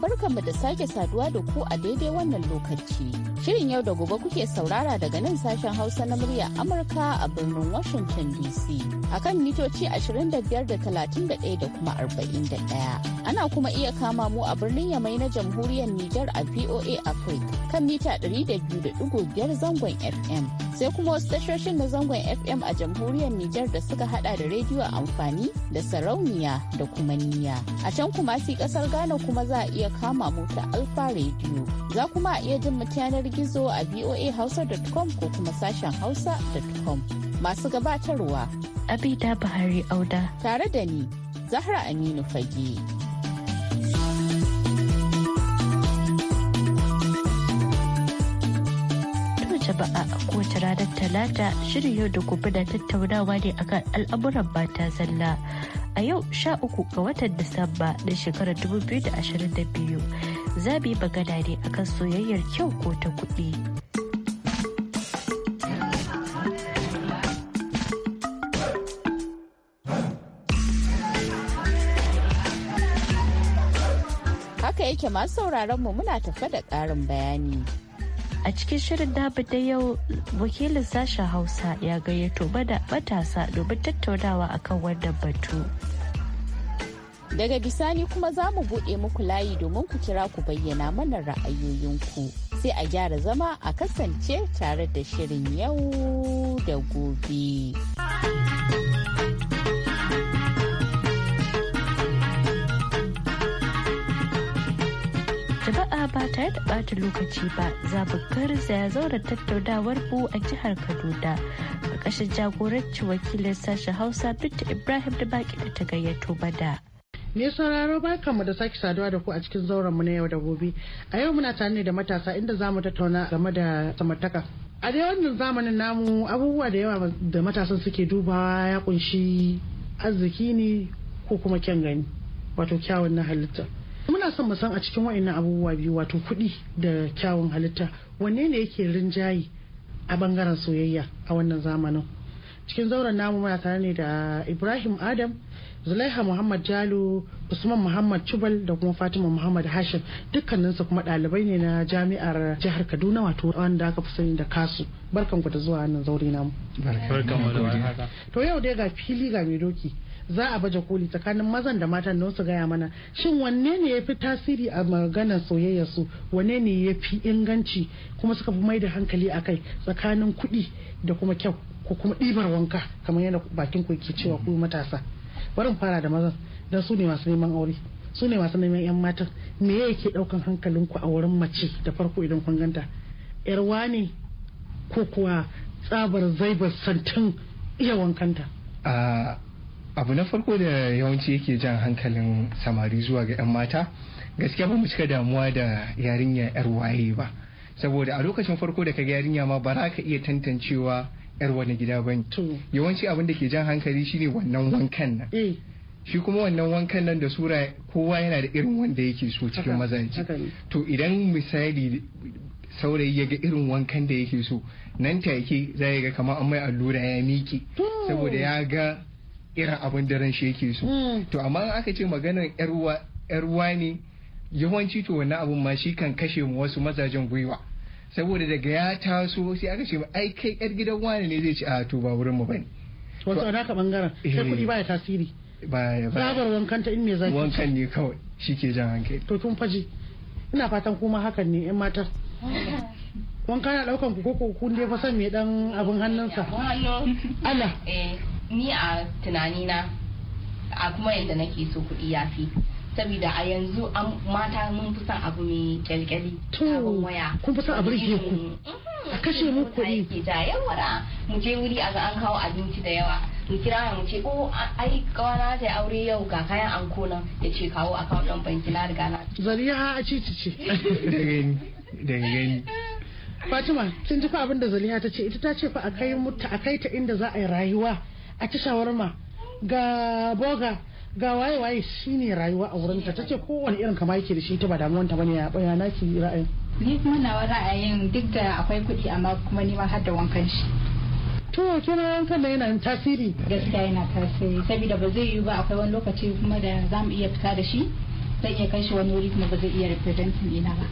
barkanmu da sake saduwa da ku a daidai wannan lokaci. Shirin yau da gobe kuke saurara daga nan sashen Hausa na murya Amurka a birnin Washington DC. Akan mitoci 25.31 da da kuma 41. Ana kuma iya kama mu a birnin Yamai na jamhuriyar Nijar a VOA Africa kan mita 200.5 zangon FM. sai kuma wasu tashoshin na zangon fm a jamhuriyar nijar da suka hada da rediyo amfani da sarauniya da kuma niya a can kuma si kasar ghana kuma za a iya kama mu alfa rediyo za kuma a iya jin mu yanar gizo a voa voahausa.com ko kuma sashen hausa.com masu gabatarwa abida buhari auda tare da ni zahra aminu fage Shaba'a a kowace ranar Talata shirin yau da gobe da tattaunawa ne akan al'amuran mata zalla. A yau sha uku ga watan Disamba na shekarar 2022 za yi magana ne akan soyayyar kyau ko ta kuɗi. Haka yake masu sauraron mu muna tafa da ƙarin bayani. A cikin shirin dabi da yau wakilin sashen Hausa ya gayyato bada matasa domin tattaunawa akan wannan batu. Daga bisani kuma za mu buɗe muku layi domin ku kira ku bayyana mana ra'ayoyinku. Sai a gyara zama a kasance tare da shirin yau da gobe. jama'a ba tare da ɓata lokaci ba za mu garzaya zauren tattaunawar mu a jihar kaduna a kashe jagoranci wakilin sashen hausa binta ibrahim da baki da ta gayyato bada. Me sauraro barkanmu da sake saduwa da ku a cikin mu na yau da gobe. A yau muna tare ne da matasa inda za mu tattauna game da samartaka. A dai wannan zamanin namu abubuwa da yawa da matasan suke dubawa ya kunshi arziki ne ko kuma kyan gani wato kyawun na halitta. muna son mu san a cikin wa'annan abubuwa biyu wato kuɗi da kyawun halitta wanne ne yake rinjayi a bangaren soyayya a wannan zamanin cikin zauren namu muna tare ne da ibrahim adam zulaiha muhammad jalo usman muhammad Chubal da kuma fatima muhammad hashim dukkaninsu kuma ɗalibai ne na jami'ar jihar kaduna wato wanda aka fi sani da kasu barkanku da zuwa wannan zaure namu da to yau dai ga fili ga mai doki za a baje koli tsakanin mazan da matan don su gaya mana shin wanne ne ya fi tasiri a maganar soyayya su wanne ne ya fi inganci kuma suka fi mai da hankali a kai tsakanin kuɗi da kuma kyau ko kuma ɗibar wanka kamar yadda bakin ku ke cewa ku matasa barin fara da mazan don su ne masu neman aure su ne masu neman yan matan me yake ɗaukan ku a wurin mace da farko idan kun ganta yar wane ko kuwa tsabar zaibar santin iya wankanta a ah, abu na farko da yawanci yake jan hankalin samari zuwa ga 'yan mata gaske ba mu cika damuwa da yarinya 'yar waye ba saboda a lokacin farko da kaga yarinya ma ba za ka iya tantancewa 'yar wani gida ba yawanci abin da ke jan hankali shine wannan wankan nan eh. shi kuma wannan wankan nan da sura kowa yana da irin wanda yake so cikin mazaje to idan misali saurayi ya ga irin wankan da yake so nan take za ya ga kamar an mai allura ya miki saboda ya ga irin abin da ran shi yake so hmm. to amma aka ce maganar yar uwa ne yawanci to wannan abun ma shi kan kashe mu wasu mazajen gwiwa saboda daga ya taso sai aka ce ai kai yar gidan wani ne zai ce a ah, to ba wurin mu bane Wasu a naka bangaren eh. sai kuɗi baya tasiri baya baya zabar wankan ta in me zaki wankan ne kawai shi ke jan hankali to tun faji ina fatan kuma hakan ne yan mata. wanka na daukan ku ko kun dai fa san me dan abin hannunsa Allah eh. ni a tunanina a kuma yadda nake so kuɗi ya fi saboda a yanzu mata mun fi son abu mai kyalkyali abin waya kun fi son abu rike ku mm-hmm. a kashe mu kuɗi ke ta yawa mu je wuri a ga an kawo abinci da yawa mu kira mu ce ko oh, ai kawana ta aure yau ga kayan anko kona ya ce kawo kawo ɗan banki na riga na a cici ce Fatima kin ji fa abin da Zaliha ta ce ita ta ce fa a kai a kai ta inda za a yi rayuwa a ci shawarma ga boga ga waye waye shine rayuwa a wurin ta tace kowane irin kama yake da shi ta ba damuwan ta bane ya baya naki ra'ayin ni kuma nawa ra'ayin duk da akwai kuɗi amma kuma ni ma har da wankan shi to kina wankan da yana tasiri gaskiya yana tasiri saboda ba zai yi ba akwai wani lokaci kuma da za mu iya fita da shi zan iya kai shi wani wuri kuma ba zai iya representing ina ba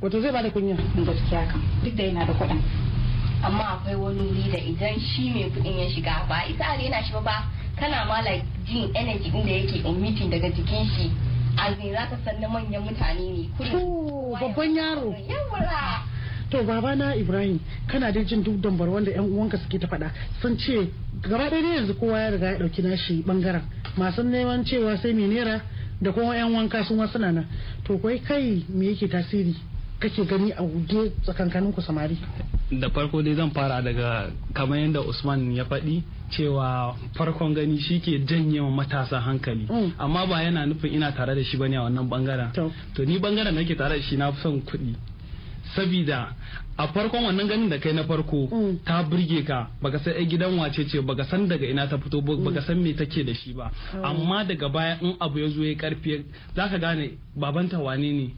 wato zai ba da kunya gaskiya kan duk da yana da kuɗin amma akwai wani wuri da idan shi mai kuɗin ya shiga ba isa a rena shi ba ba kana ma like jin energy inda yake omitin daga jikin shi a za ka san na manyan mutane ne kullum babban yaro yawwa to babana ibrahim kana da jin duk dambar wanda yan uwanka suke ta faɗa sun ce gaba ɗaya yanzu kowa ya riga ya ɗauki nashi bangaren masu neman cewa sai mai nera da kuma yan wanka sun wasu nan to kai kai me yake tasiri kake gani a guge tsakankanin ku samari da farko dai zan fara daga kamar yadda usman ya faɗi cewa farkon gani shi ke janye wa matasa hankali mm. amma ba yana nufin ina tare da shi bane a wannan bangaren to ni bangaren da nake tare da shi na son kuɗi sabida a farkon wannan ganin da kai na farko mm. ta burge ka baka san ai gidan wace ce baka san daga ina ta fito baka mm. san me take da shi ba mm. amma daga baya in abu ya zo ya karfi zaka gane babanta wane ne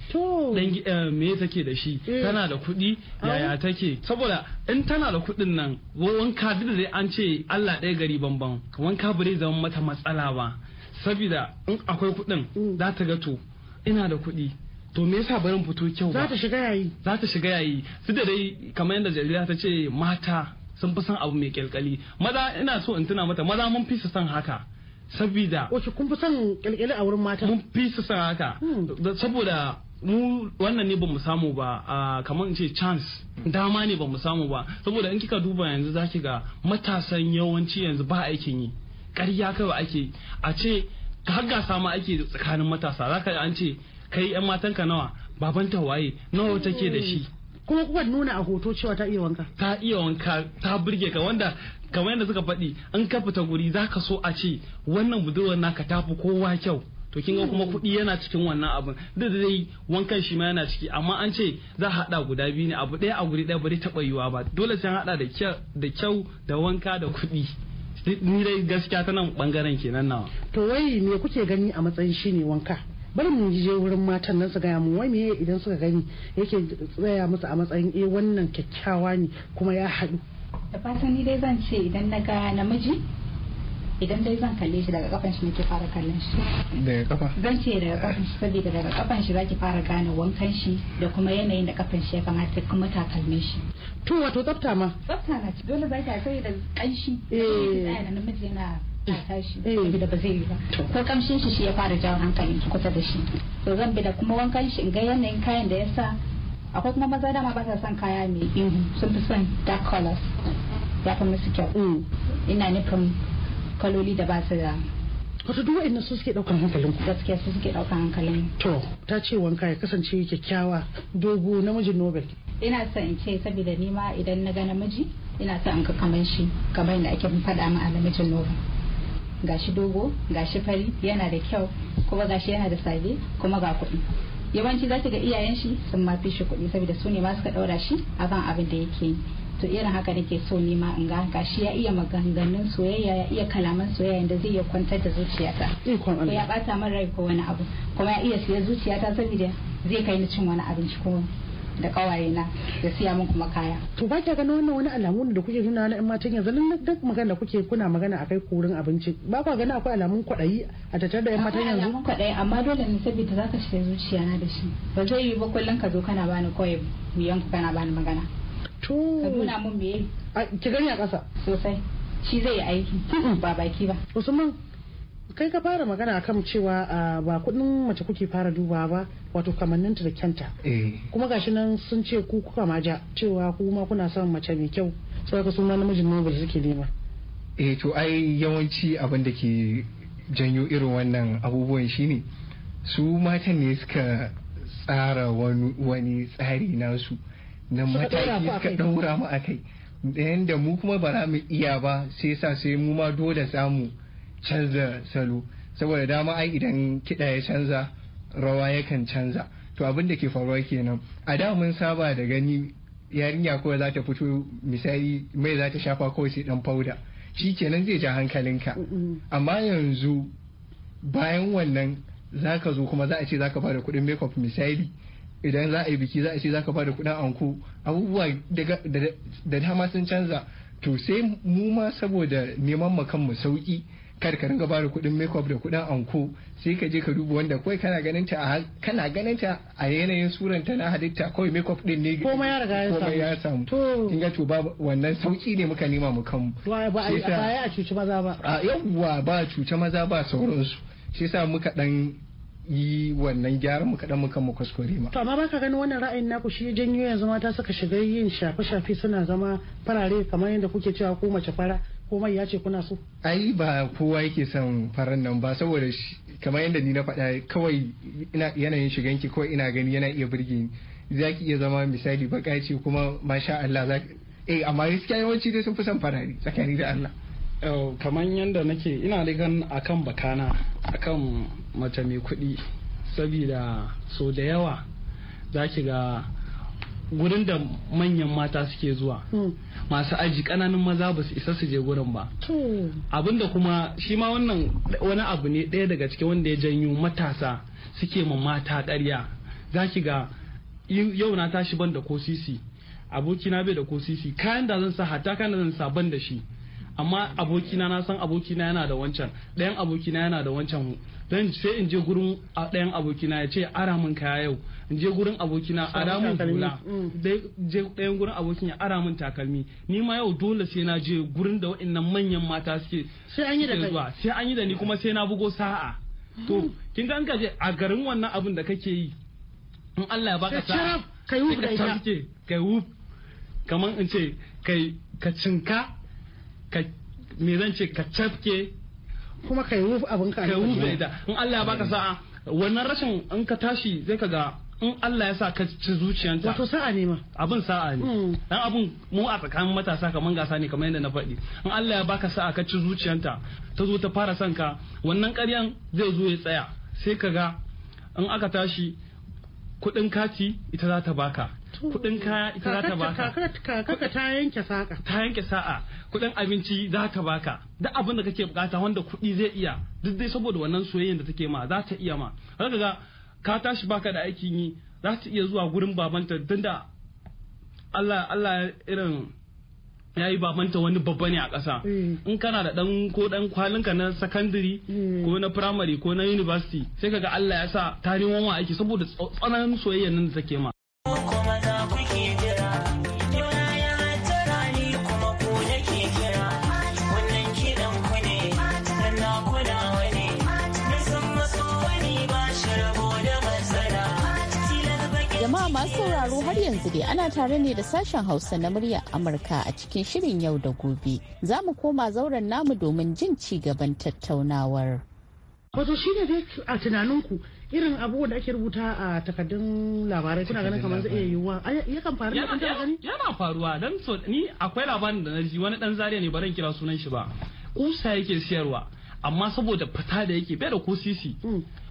dan eh, me take da shi tana da kuɗi yaya ah. take saboda in tana da kuɗin nan wanka duk da an ce Allah ɗaya gari banban wanka ba zai zama mata matsala ba sabida in akwai kuɗin za ta ga to ina da kuɗi to me yasa barin fito kyau ba za ta shiga yayi za ta shiga yayi su da dai kamar yadda jarida ta ce mata sun fi son abu mai kyalkyali maza ina so in tuna mata maza mun fi su son haka sabida wace kun fi son kyalkyali a wurin mata mun fi su son haka hmm. saboda mu wannan ne bamu samu ba kamar in ce chance dama ne bamu samu ba saboda in kika duba yanzu zaki ga matasan yawanci yanzu ba aikin yi ƙarya kawai ake a ce har gasa ma ake tsakanin matasa za ka an ce kai yan matan ka nawa babanta waye nawa take da shi kuma kuka nuna a hoto cewa ta iya wanka ta iya wanka ta burge ka wanda kamar yadda suka faɗi an ka fita guri za ka so a ce wannan budurwar naka tafi kowa kyau to kin ga kuma hmm. kuɗi yana cikin wannan abin duk da dai wankan shi ma yana ciki amma an ce za a haɗa guda biyu ne abu ɗaya a guri ɗaya ba taɓa yiwuwa ba dole sai haɗa da kyau da wanka da kuɗi ni dai gaskiya ta nan ɓangaren kenan nawa to wai me kuke gani a matsayin shi ne wanka bari mu je wurin matan nan su gaya mu wai meye idan suka gani yake tsaya musu a matsayin eh wannan kyakkyawa ne kuma ya haɗu da fatan ni dai zan ce idan na ga namiji idan dai zan kalle shi daga kafan shi nake fara kallon shi daga kafa zan ce daga kafan shi saboda daga kafan shi zaki fara gane wankan shi da kuma yanayin da kafan shi ya kamata kuma takalmin shi to wato tsafta ma tsafta na ci dole zaki a sai da kanshi eh namiji na. a mm. mm. da ba zai yi ba ko kamshin shi shi ya fara jawo hankalin kusa da shi to zan bi da kuma wankan shi in ga yanayin kayan da ya sa akwai kuma maza dama ba sa son kaya mai ihu mm. sun fi son dark colors ya fi musu kyau ina nufin kaloli da ba su da wato duk wa'annan su suke daukan hankalin gaskiya su suke daukan hankalin to ta ce wanka ya kasance kyakkyawa dogo namijin nobel ina son in ce saboda nima idan na ga namiji ina son in ka kaman shi kamar yadda ake faɗa min a namijin nobel gashi dogo gashi fari yana da kyau kuma gashi yana da sage kuma ga kuɗi yawanci za ta ga iyayen shi sun mafi shi kuɗi saboda su ne ma suka ɗaura shi akan abin da yake yi to irin haka nake so ni ma in ga gashi ya iya maganganun soyayya ya iya kalaman soyayya da zai iya kwantar da zuciyata ko ya bata min rai ko wani abu kuma ya iya siya zuciyata saboda zai kai ni cin wani abinci ko da kawaye na ya siya mun kuma kaya to ba kya gano wannan wani alamun da kuke nuna na yan matan yanzu nan duk magana da kuke kuna magana akai kurin abinci ba kwa gani akwai alamun kwaɗayi a tattare da yan matan yanzu alamun kwaɗayi amma dole ne saboda zaka shiga zuciya na da shi ba zai yi ba kullun ka zo kana bani kawai miyan kana bani magana to ka nuna mun me ki gani a ƙasa sosai shi zai yi aiki ba baki ba usman kai ka fara magana kan cewa ba kudin mace kuke fara duba ba wato kamanninta da kyanta eh. kuma gashi nan sun ce ku kuka ma cewa ku ma kuna son mace mai kyau sai ka suna namijin ne ba suke nema eh to ai yawanci abin da ke janyo irin wannan abubuwan shine su matan ne suka tsara wani tsari nasu na mataki suka daura mu akai da mu kuma ba za mu iya ba sai sa sai mu ma dole samu canza salo saboda dama ai idan kiɗa ya canza rawa yakan canza to abin da ke faruwa kenan a da mun saba da gani yarinya kawai za ta fito misali mai za ta shafa kawai sai dan fauda shi kenan zai ja hankalinka amma yanzu bayan wannan za ka zo kuma za a ce za ka fara kuɗin makeup misali idan za a yi biki za a ce za ka fara kuɗin anko abubuwa da dama sun canza to sai mu ma saboda neman mu sauki kar ka ringa bada kuɗin makeup da kuɗin anko sai ka je ka duba wanda kawai kana ganin ta a kana ganin ta a yanayin suran ta na halitta kawai makeup din ne komai ya riga ya samu komai ya samu to in ga to ba wannan sauki ne muka nema mu kanmu ba a ba a cuci maza ba a yawwa ba cuci maza ba sauransu shi yasa muka dan yi wannan gyaran mu dan mukan mu kuskure ma. To amma baka ganin wannan ra'ayin naku shi janyo yanzu mata suka shiga yin shafe-shafe suna zama farare kamar yadda kuke cewa ko mace fara komai ya ce kuna so ai ba kowa yake son faran nan ba saboda kamar yadda ni na faɗa kawai yanayin shiganki kawai ina gani yana iya birge ni za ki iya zama misali baka ce kuma masha Allah za eh amma gaskiya yawanci dai sun fi son farari tsakani da Allah kamar yadda nake ina rigan akan bakana akan mace mai kuɗi saboda so da yawa za ki ga gurin da manyan mata suke zuwa hmm. masu aji kananun maza ba su isa su je gurin ba abinda kuma shi ma wannan wani abu ne ɗaya daga cikin wanda ya janyo matasa suke ma mata ƙarya za ki ga yau na tashi ban da ko sisi abokina bai da ko sisi kayan da zan sa hatta kayan da zan sa ban da shi amma abokina na san abokina yana da wancan ɗayan abokina yana da wancan dan sai in je gurin ɗayan abokina ya ce ara min kaya yau in je gurin abokina ara min hula mm. je ɗayan gurin abokin ya ara min takalmi ni ma yau dole sai na je gurin da waɗannan manyan mata suke sai an yi da kai sai an yi da ni kuma sai na bugo sa'a mm. to kin ga an je a garin wannan abin da kake yi in Allah ya baka sa'a kai wuf da ita kai wuf kaman in ce kai ka cinka ka me zan ce ka cafke kuma ka yi wuf abin ka wuf da in Allah ya baka sa'a wannan rashin in ka tashi zai ka ga in Allah ya sa ka ci zuciyanta wato sa'a ne ma abin sa'a ne hmm. dan abin mu a tsakanin matasa kaman gasa ne kamar yadda na faɗi in Allah ya baka sa'a ka ci zuciyanta ta zo ta fara son ka wannan ƙaryan zai zo ya tsaya sai ka ga in aka tashi kuɗin kati ita za ta baka kuɗin kaya ita za ta baka kaka ta yanke sa'a ta yanke sa'a kuɗin abinci za ka baka duk abin da kake bukata wanda kuɗi zai iya duk dai saboda wannan soyayyen da take ma za ta iya ma har ga ka tashi baka da aikin yi za ta iya zuwa gurin babanta tunda Allah Allah irin ya yi babanta wani babba ne a ƙasa mm. in kana da ɗan ko ɗan kwalinka na secondary mm. ko na firamare ko na university sai kaga Allah ya sa ta wanwa aiki saboda tsananin soyayya nan da take ma masu sauraro har yanzu dai ana tare ne da sashen Hausa na murya Amurka a cikin shirin yau da gobe. Za mu koma zauren namu domin jin ci gaban tattaunawar. Wato shi ne dai a tunaninku irin abubuwan da ake rubuta a takardun labarai kuna ganin kamar zai iya yiwuwa yakan faru da kanta gani yana faruwa dan so ni akwai labarin da na ji wani dan zariya ne baran kira sunan shi ba kusa yake siyarwa amma saboda fita da yake bai da ko sisi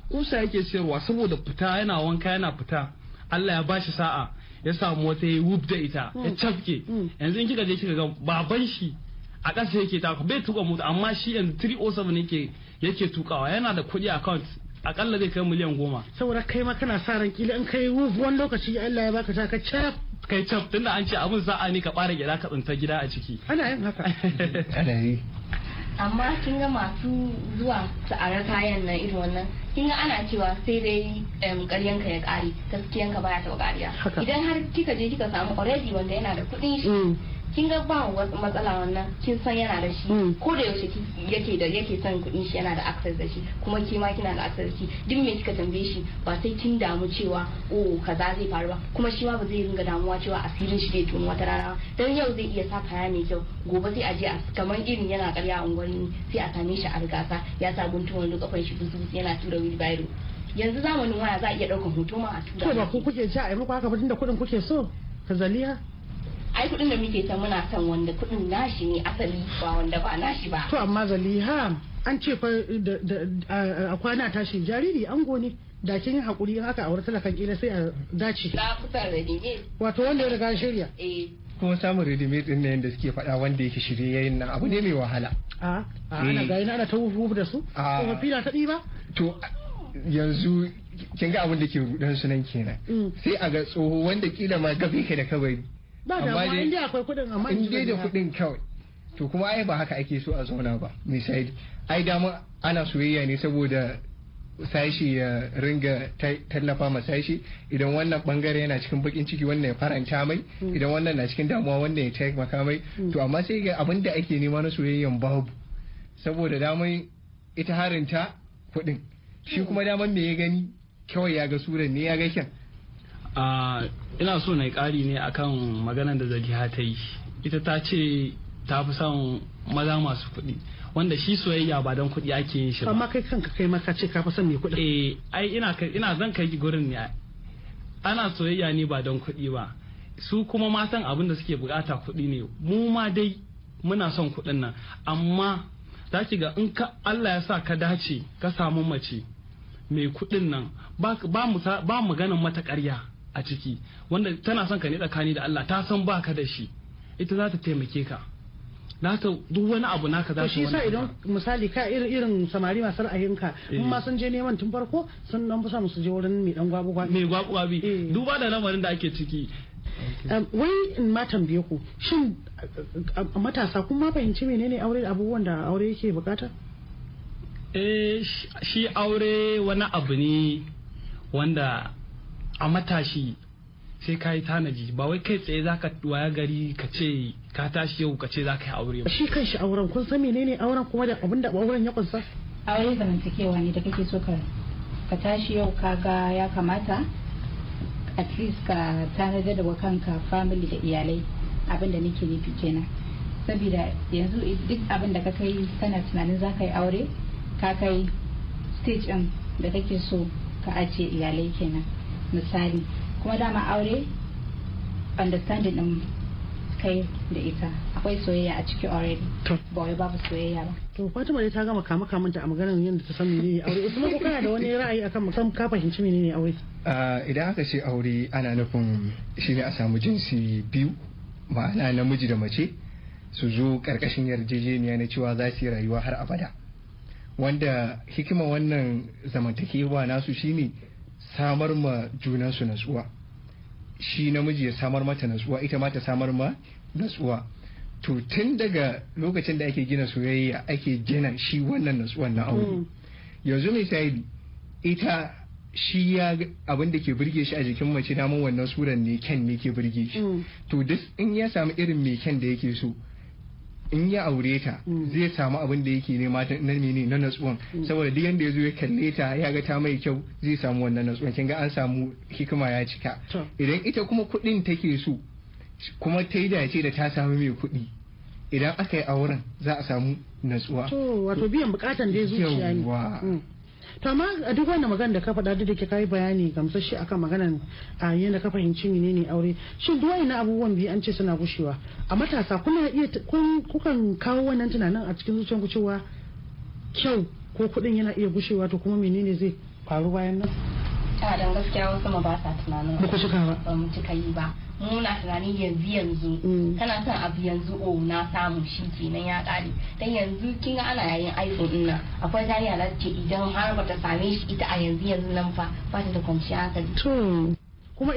kusa mm. yake siyarwa saboda fita yana wanka yana fita Allah ya bashi sa'a ya samu wata ya wub da ita ya mm. cafke mm. yanzu in kika je kika ga baban shi a ƙasa yake ta bai tuka mota amma shi yanzu 307 yake yake tukawa yana da kuɗi account akalla zai kai miliyan goma. saboda kai ma kana sa ran kila in kai wuf wani lokaci Allah ya baka ta ka cap kai cap tunda an ce abin sa'a ne ka ɓare gida ka tsinta gida a ciki ana yin haka amma kin ga masu zuwa Sa'ara kayan nan irin wannan kin ga ana cewa sai dai karyan ka ya kare gaskiyan ka baya taɓa kariya idan har kika je kika samu already wanda yana da kuɗin mm. kin ga ba matsala wannan kin san yana da shi hmm. ko da yaushe yake da yake son kuɗin shi yana da access da shi kuma ke ma kina da access da shi duk me kika tambaye shi ba sai kin damu cewa oh kaza zai faru ba kuma shi ma ba zai ringa damuwa cewa asirin shi zai tuni wata rana dan yau zai iya sa kaya mai kyau gobe sai aje a kamar irin yana karya a unguwanni sai a same shi a rigasa ya sa guntuwan kafan shi buzu yana tura wheelbarrow yanzu zamanin waya za a iya ɗaukan hoto ma a tura. Ko ba ku kuke ci a yi muku haka ba tunda kuɗin kuke so? ka zaliya. ai kuɗin da muke ta muna san wanda kuɗin nashi ne asali ba wanda ba nashi ba to amma zaliha an ce fa a kwana tashi jariri ango ne da kin yi hakuri in aka aure talakan kila sai a dace na kusa redime eh. wato wanda ya riga shirya eh kuma samun redime din nan da suke faɗa wanda yake shirye yayin nan abu ne mai wahala a ana eh. ga ina ana ta wufu da su ko fila ta ɗiba to yanzu kin ga abin da ke rudan sunan kenan mm. sai a ga tsoho wanda kila ma gabe ka da kabari ba da akwai kudin amma in dai da kudin kawai to kuma ai ba haka ake so a zauna ba misali ai dama ana soyayya ne saboda sashi ya ringa tallafa ma sashi idan wannan bangare yana cikin bakin ciki wannan ya faranta mai hmm. idan wannan na cikin damuwa wannan ya taimaka mai hmm. to amma sai ga abin da ake nema na soyayyan babu saboda damai ita harinta kuɗin shi hmm. kuma daman me ya gani kawai ya ga suran ne ya ga kyan ina so na yi ƙari ne akan maganar da zaliha ta yi ita ta ce ta fi son maza masu kuɗi wanda shi soyayya ba don kuɗi ake yin shi ba amma kai kanka kai maka ce ka fi son mai kuɗi eh ai ina ina zan kai gurin ne ana soyayya ne ba don kuɗi ba su kuma matan abin da suke bukata kuɗi ne mu ma dai muna son kuɗin nan amma za ki ga in ka Allah ya sa ka dace ka samu mace mai kuɗin nan ba ba ganin mata ƙarya a ciki wanda tana son ka ne tsakani da Allah ta san baka da shi ita za ta taimake ka na ta duk wani abu naka za ta shi sa idan misali ka irin samari masu ra'ayinka in eh. ma sun je neman tun farko sun dan fusa musu je wurin mai dan gwabu gwabi mai gwabu gwabi eh. duba da lamarin da ake ciki wai in ma tambaye ku shin matasa kun ma fahimci menene aure abubuwan da aure yake bukata eh shi aure wani abu ne wanda a matashi sai ka yi tanaji ba wai kai tsaye za ka waya gari ka ce ka tashi yau ka ce za ka yi aure ba. Shi kan shi auren kun san menene auren kuma da abin da auren ya kunsa? Aure zamantakewa ne da kake so ka tashi yau ka ga ya kamata at least ka tanadar da kanka family da iyalai abin da nake nufi kenan. Saboda yanzu duk abin da ka kai kana tunanin za ka yi aure ka kai stage ɗin da kake so ka ajiye iyalai kenan. misali kuma dama aure understanding din kai da ita akwai soyayya a ciki already ba wai babu soyayya ba to Fatima dai ta gama kama kamanta a maganar yadda ta san menene aure kuma ko kana da wani ra'ayi akan musam ka fahimci menene aure ah, idan aka ce aure ana nufin shine a samu jinsi biyu ma'ana namiji da mace su zo karkashin yarjejeniya na cewa za su yi rayuwa har abada wanda hikima wannan zamantakewa nasu shine samar ma juna su natsuwa shi namiji ya samar mata natsuwa ita mata samar ma natsuwa to tun daga lokacin da ake gina soyayya ake gina shi wannan natsuwan na aure mm. yanzu misali ita shi ya abin da ke burge shi a jikin mace daman wannan suran ne ken ne ke burge shi mm. to duk in ya samu irin mai ken da yake so in ya aure ta mm. zai samu abin da yake nema na mene na natsuwan mm. saboda duk yanda ya zo ya kalle ta ya ga ta mai kyau zai samu wannan natsuwan kin ga an samu hikima ya cika idan ita kuma kuɗin take so kuma ta yi dace da ta samu mai kuɗi idan aka yi auren za a samu natsuwa to wato biyan bukatan ya zuciya ne to amma duk wannan magana da ka faɗa duk da ke kai bayani gamsashi akan maganan a yanda ka fahimci menene aure shin duk wannan abubuwan biyu an ce suna gushewa a matasa kuna iya kukan kawo wannan tunanin a cikin zuciyarku cewa kyau ko kuɗin yana iya gushewa to kuma menene zai faru bayan nan a dan gaskiya wasu ma ba sa tunanin ba ku cika ba ba mu cika yi ba muna tunani yanzu yanzu mm. kana son abu yanzu o oh, na samu shi kenan ya kare dan yanzu kin ga ana yayin iphone din nan akwai jariya da ce idan har ba ta same shi ita a yanzu yanzu nan fa ba ta da kwanciyar hankali to kuma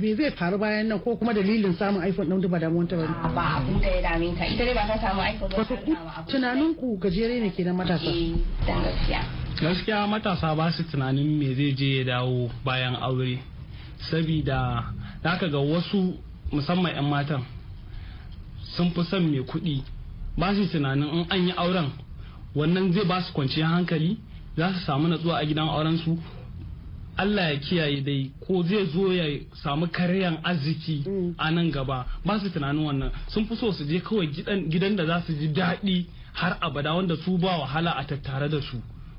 bai zai faru bayan nan ko kuma dalilin samun iphone ɗin ba damuwar ta ba ba abu da ya dame ta ita dai ba ta samu iphone ba ta abu tunanin ku gajere ne kenan matasa eh, dan gaskiya gaskiya matasa ba su tunanin me zai je ya dawo bayan aure sabida zaka ga wasu musamman 'yan matan sun fi son mai kuɗi ba su tunanin in an yi auren wannan zai ba su kwanciyar hankali za su samu natsuwa a gidan aurensu Allah ya kiyaye dai ko zai zo ya samu karyan arziki a nan gaba ba su tunanin wannan sun fi so su je kawai gidan da za su ji daɗi har abada wanda su ba wahala a tattare da su.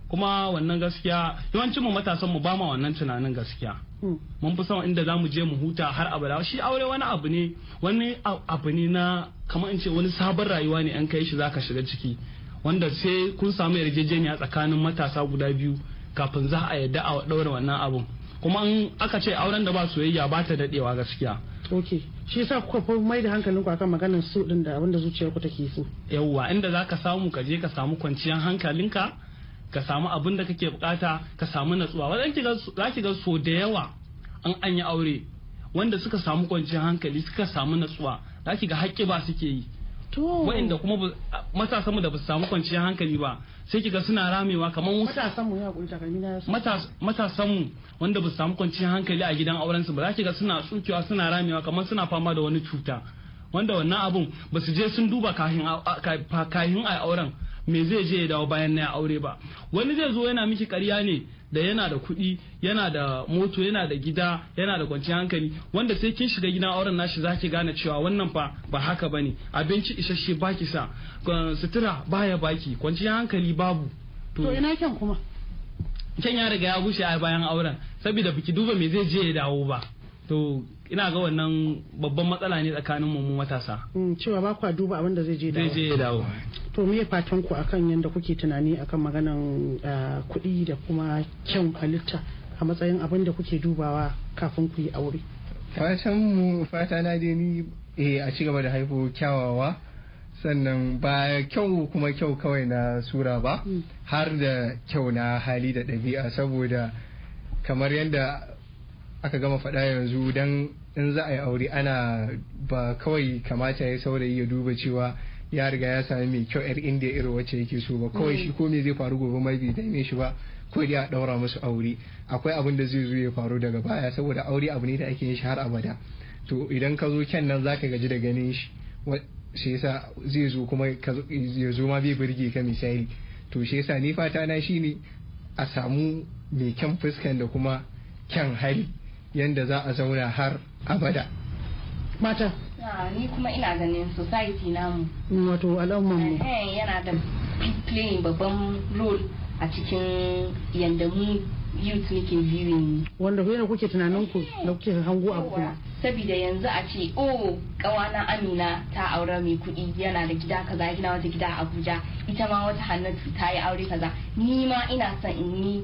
kuma wannan gaskiya yawancin mu matasan mu ba ma wannan tunanin gaskiya hmm. mun fi son inda zamu je mu huta har abada shi aure wani abu ne wani abu ne na kamar in ce wani sabon rayuwa ne an kai shi zaka shiga ciki wanda sai kun samu yarjejeniya tsakanin matasa guda biyu kafin za a yadda a daura wannan abun kuma in aka ce auren da ba soyayya ba ta dadewa gaskiya oke shi yasa kuka fi mai da hankalin ku akan maganar su din da abinda zuciyar ku take so yawwa inda zaka samu ka je ka samu kwanciyar hankalinka ka samu abin da kake bukata ka samu natsuwa za ki ga so da yawa an anya aure wanda suka samu kwanciyar hankali suka samu natsuwa za ki ga haƙƙi ba suke yi wa'inda kuma matasan mu da ba su samu kwanciyar hankali ba sai ki ga suna ramewa kamar matasan mu ya kulta matasan mu wanda ba su samu kwanciyar hankali a gidan auren su ba za ga suna tsukewa suna ramewa kamar suna fama da wani cuta wanda wannan abun ba su je sun duba kafin a auren me zai je ya dawo bayan na aure ba wani zai zo yana miki karya ne da yana da kuɗi yana da moto yana da gida yana da kwanciyar hankali wanda sai kin shiga gidan auren nashi zaki gane cewa wannan fa ba haka bane abinci isasshe baki sa sutura baya baki kwanciyar hankali babu to ina kyan kuma kyan ya riga ya gushe a bayan auren saboda biki duba me zai je ya dawo ba to ina ga wannan babban matsala ne tsakanin mu matasa mm, cewa ba kwa duba abin da zai je dawo zai je dawo to me fatan ku akan yadda kuke tunani akan maganan ah, kuɗi da kuma kyan halitta a matsayin abin da kuke dubawa kafin ku yi aure fatan mu fata na dai ni eh, a ci gaba da haifo kyawawa sannan ba kyau kuma kyau kawai na sura ba mm. har da kyau na hali da ɗabi'a saboda kamar yadda aka gama faɗa yanzu don in za a yi aure ana ba kawai kamata ya saurayi ya duba cewa ya riga ya sami mai kyau yar indiya irin wacce yake so ba kawai shi mm. ko me zai faru gobe mai bai dame shi ba ko dai a ɗaura musu aure akwai abin da zai zo ya faru daga baya saboda aure abu ne da ake yin shi har abada to idan ka zo kyan nan zaka gaji da ganin shi shi yasa zai zo kuma ya zo ma bai burge ka misali to shi yasa ni fata na shine a samu mai kyan fuskan da kuma kyan hali yadda za a zauna har abada mata ah, ni kuma ina ganin society namu mm, wato al'umman mu eh, eh, yana da playing babban role a cikin yadda mu youth nake viewing wanda ku yana kuke tunanin ku da eh, kuke hango a kuma Sabida yanzu a ce oh kawana amina ta aure mai kuɗi yana da gida kaza gina wata gida abuja ita ma wata hannatu ta yi aure kaza ni ma ina son in yi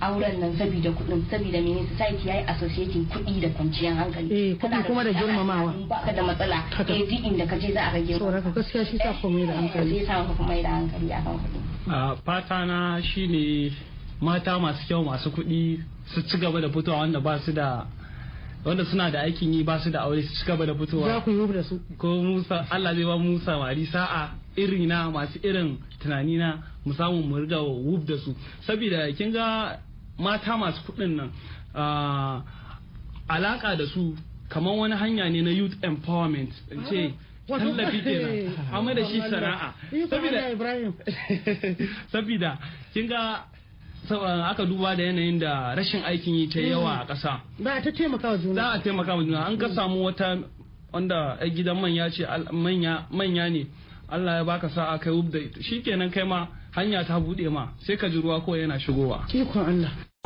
auren nan saboda kudin saboda mini society yayi associating kudi da kwanciyar hankali eh kudi kuma da girmamawa ka da matsala eh duk inda ka je za a rage so raka gaskiya shi sa komai da hankali sai sa ka komai da hankali akan kudi a fata na shine mata masu kyau masu kudi su ci gaba da fitowa wanda ba su da wanda suna da aikin yi ba su da aure su ci gaba da fitowa za ku yi da su ko Musa Allah zai ba Musa mari sa'a irina masu irin tunanina mu samu mu riga wub da su saboda kin ga mata masu kuɗin nan alaka da su kamar wani hanya ne na youth empowerment ce tallafi kenan amma da shi sana'a sabida kin ga aka duba da yanayin da rashin aikin yi ta yawa a kasa za a ta taimaka juna wa juna an ka samu wata wanda gidan manya ce manya ne Allah ya baka sa'a kai wub da kenan kai ma hanya ta bude ma sai ka ji ruwa ko yana shigowa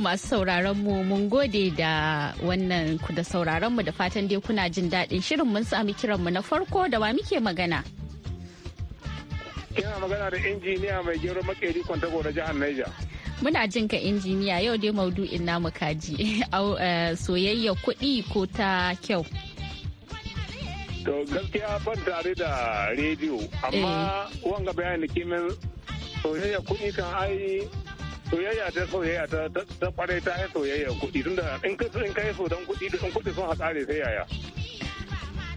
masu sauraron mu mun gode da wannan ku da sauraron mu da fatan dai kuna jin daɗin shirin mun sami kiran mu na farko da wa muke magana. Kina magana da injiniya mai gero makeri kwantago da jihar Niger. Muna jin ka injiniya yau dai maudu'in namu kaji eh, soyayya kuɗi ko ta kyau. To gaskiya ban tare da rediyo amma eh. wanga bayani kimin soyayya kuɗi kan ai soyayya ta soyayya ta ta kwarai ta yi soyayya kuɗi tunda in ka in ka yi so dan kuɗi in kuɗi sun hatsare sai yaya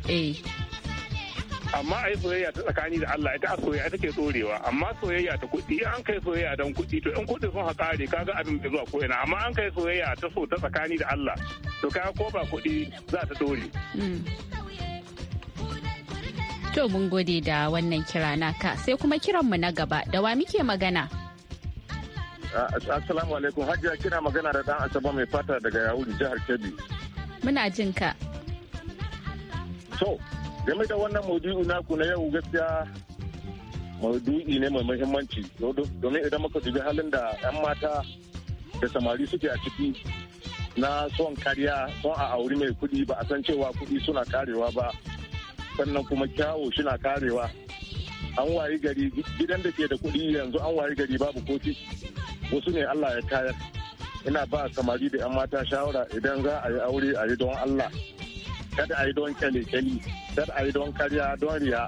eh amma ai soyayya ta tsakani da Allah ita soyayya take tsorewa amma soyayya ta kuɗi an kai soyayya dan kuɗi to in kuɗi sun hatsare kaga abin da zuwa ko ina amma an kai soyayya ta so ta tsakani da Allah to kaga ko ba kuɗi za ta dore hmm. To mun gode da wannan kira naka sai kuma kiranmu na gaba da wa muke magana. Assalamu alaikum Hajiya kina magana da dan Asaba mai fata daga Yawuri jihar Kebbi. Muna jin ka. so game da wannan na ku na yau gaskiya maudu'i ne mai muhimmanci domin idan muka dubi halin da 'yan mata da samari suke a ciki na son kariya son a auri mai kudi ba a san cewa kudi suna karewa ba sannan kuma kyawo suna karewa an wayi gari gidan da ke da kudi yanzu an wayi gari babu kofi wasu ne allah ya tayar ina ba samari da 'yan mata shawara idan za a yi aure a yi don allah kada a yi don kyale-kyale kada a yi don karya don riya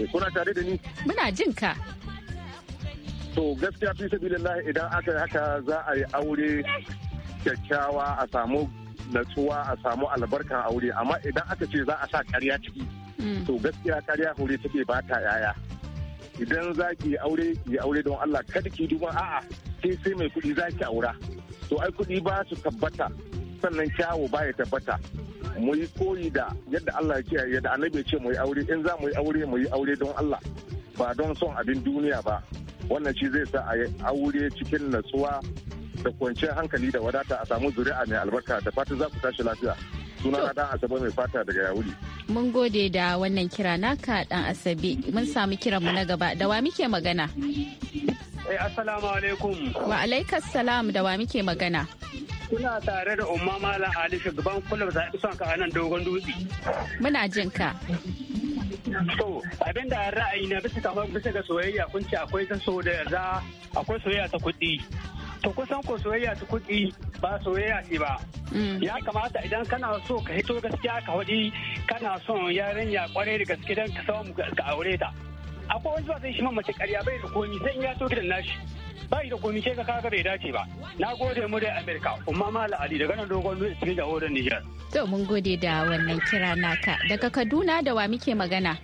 eh, kuna tare da ni muna jin ka to gaskiya fi sabilillahi idan aka yi haka za a yi aure kyakkyawa a samu natsuwa a samu albarkan aure amma idan aka ce za a sa karya ciki mm. to gaskiya karya hore take ba ta yaya idan za ki aure ki aure don Allah kada ki duba a'a sai sai mai kuɗi za ki aura to ai kuɗi ba su tabbata sannan kyawu ba ya tabbata mu yi koyi da yadda Allah ya kiyaye yadda annabi ya ce mu yi aure in za mu yi aure mu yi aure don Allah ba don son abin duniya ba wannan shi zai sa a yi aure cikin natsuwa da kwanciyar hankali da wadata a samu zuri'a mai albarka da fatan za ku tashi lafiya Suna na dan Asabe mai fata daga Yawuri. Mun gode da wannan kira naka dan Asabe. Mun samu kiran mu na gaba. Da wa muke magana? Eh assalamu alaikum. Wa alaikas salam da wa muke magana? Kuna tare da umma malam Ali shugaban kullum zaɓi son ka anan dogon dutse. Muna jin ka. So, abin da ra'ayi na bisa kamar bisa ga soyayya kun akwai ta so da yarda akwai soyayya ta kuɗi. to kusan ko soyayya ta kuɗi ba soyayya ce ba mm. ya kamata idan kana so ka hito gaskiya ka hudi kana son yarinya kwarai da gaske don ka samu ka aure ta akwai wani zuwa zai shi mace karya bai da komi sai ya to gidan nashi ba shi da komi sai ka kaga bai dace ba na gode mu da amerika umma mala ali daga nan dogon lokaci cikin jagoran Nijar. to mun gode da wannan kira naka daga kaduna da wa muke magana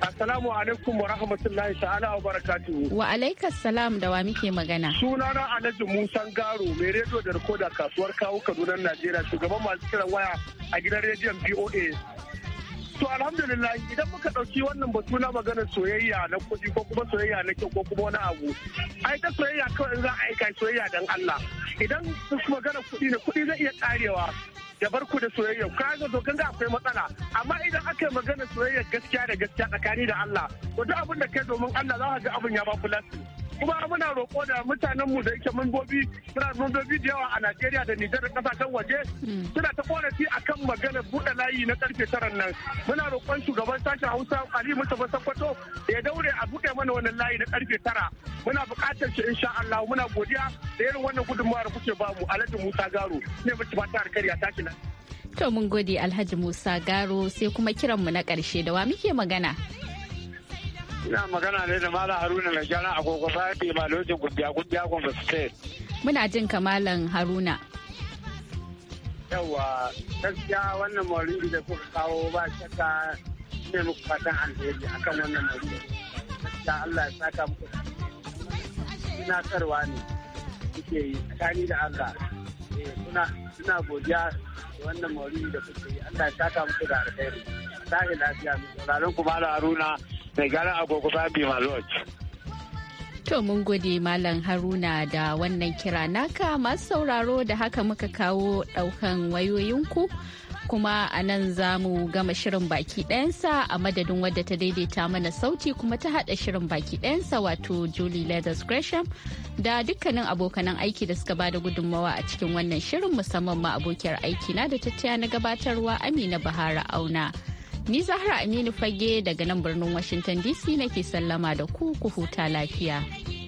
Assalamu alaikum wa rahmatullahi ta'ala wa barakatuhu. Wa alaikas salam da wa muke magana. Sunana Alhaji Musa Garo mai rediyo da rikoda kasuwar kawo Kaduna Najeriya shugaban masu kiran waya a gidan rediyon BOA. To alhamdulillah idan muka ɗauki wannan batu na maganar soyayya na kuɗi ko kuma soyayya na kyau ko kuma wani abu. Ai ta soyayya kawai za a aika soyayya dan Allah. Idan magana kuɗi ne kuɗi zai iya ƙarewa. ya bar ku da soyayya ka ga to kanga akwai matsala amma idan aka yi magana soyayya gaskiya da gaskiya tsakani da Allah to duk abin da kai domin Allah za ka ga abin ya ba ku kuma muna roƙo da mutanen mu da yake mambobi suna mambobi da yawa a Najeriya da Nijar da kasashen waje hmm. suna ta korafi akan magana buɗe layi na karfe taran nan muna roƙon shugaban sashen Hausa Ali Mustapha Sokoto ya daure a buɗe mana wannan layi na karfe tara muna buƙatar shi insha Allah muna godiya da irin wannan gudunmawar kuke bamu Alhaji Musa Garo ne mutum ta alkariya tashi na To mun gode Alhaji Musa Garo sai kuma kiranmu na ƙarshe da wa muke magana. Ina magana ne da Malam Haruna mai gyaran agogo fadi malojin gudiya gudiya gombe state. Muna jin ka Malam Haruna. Yawwa gaskiya wannan maulidi da kuka kawo ba shakka ne muku fatan alheri akan wannan maulidi. Gaskiya Allah ya saka muku. Ina karwa ne. Kuke yi tsakani da Allah. Suna eh, godiya wannan maulidi da kuke yi Allah ya saka muku da alkhairi sai lafiya mu sauraron ku malam Haruna mai garin agogo babi maloj To mun gode Malam Haruna da wannan kira naka masu sauraro da haka muka kawo ɗaukan wayoyinku. kuma a nan za mu gama shirin baki ɗayansa a madadin wadda ta daidaita mana sauti kuma ta haɗa shirin baki ɗayansa wato julie leathers gresham da dukkanin abokanan aiki da suka bada gudunmawa a cikin wannan shirin musamman ma abokiyar aiki na da tattaya na gabatarwa amina bahara auna ni zahra aminu fage daga nan birnin washington dc nake sallama da ku ku huta lafiya.